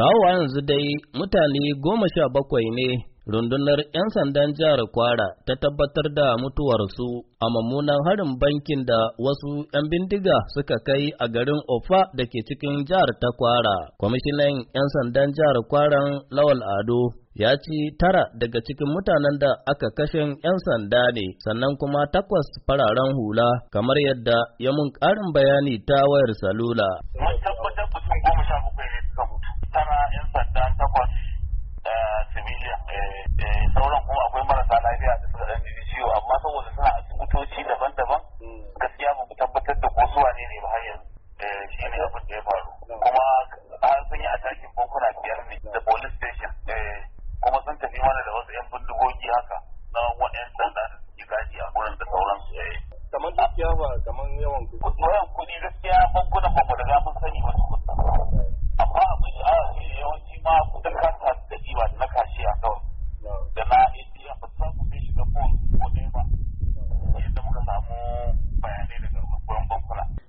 Kawo yanzu dai mutane goma sha bakwai ne rundunar 'yan sandan jihar Kwara ta tabbatar da mutuwarsu a mummunan harin bankin da wasu 'yan bindiga suka kai a garin Ofa da ke cikin jihar ta Kwara. Kwamishinan 'yan sandan jihar Kwaran Lawal Ado ya ci tara daga cikin mutanen da aka kashe 'yan sanda ne sannan kuma takwas fararen hula kamar yadda ya mun ƙarin bayani ta wayar salula. division eh, eh, sauran kuma akwai marasa lafiya da suka dan jini ciwo amma saboda suna asibitoci daban-daban mm. gaskiya ba mu tabbatar da ko su wane ne ba har yanzu eh, shi ne abin da ya faru mm. kuma har sun yi atakin bankuna biyar ne da police station kuma sun tafi mana da wasu yan bindigogi haka na wa'yan sanda da suke gaji a gurin da sauransu kamar dukiya ba kamar yawan yawan kuɗi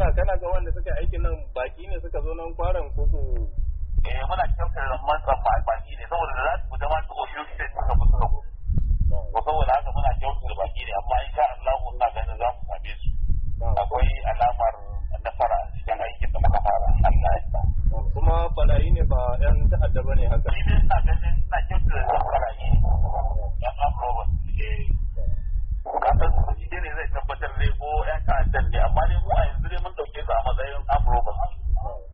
suna kana ga wanda suka aikin nan baki ne suka zo nan kwaran ko ko eh muna kyautar matsan ba baki ne saboda da za su fita ma su ofin su suka fi suka ko saboda haka muna kyautar baki ne amma in ka Allah na ganin za mu same su akwai alamar nasara fara cikin aikin da muka fara Allah ya sa kuma barayi ne ba yan ta'adda bane haka ni ina ganin ina kyautar barayi ya ba Robert eh ka san ne zai tabbatar ne ko yan ta'addan ne amma ne mu a yanzu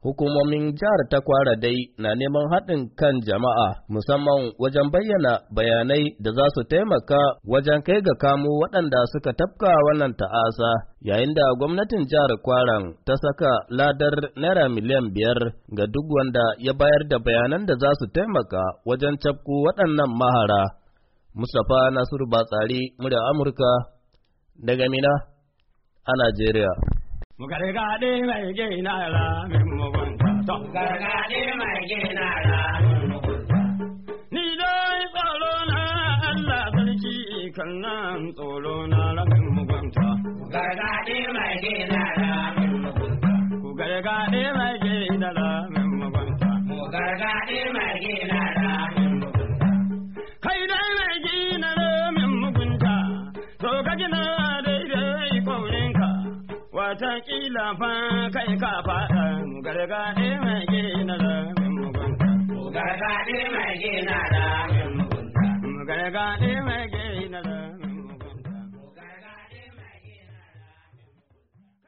Hukumomin jihar ta kwara dai na neman haɗin kan jama'a musamman wajen bayyana bayanai da za su taimaka wajen kai ga kamo waɗanda suka tafka wannan ta'asa yayin da gwamnatin jihar kwaran ta saka ladar naira miliyan biyar ga duk wanda ya bayar da bayanan da za su taimaka wajen cafku waɗannan mahara. Mustapha Nasiru Batsari, murya Amurka, daga Mina a Najeriya. Gargaɗe mai gina ramin mugunta. Gargaɗe mai gina ramin mugunta. Ni dai tsoro na Allah sarki kan nan tsoro na ramin mugunta. Gargaɗe mai gina ramin mugunta. Ku gargaɗe mai gina ramin mugunta. Ku gargaɗe mai gina watakila fa kai ka faɗa gargaɗe mai gina da mugunta. mai da mugunta. Gargaɗe mai gina da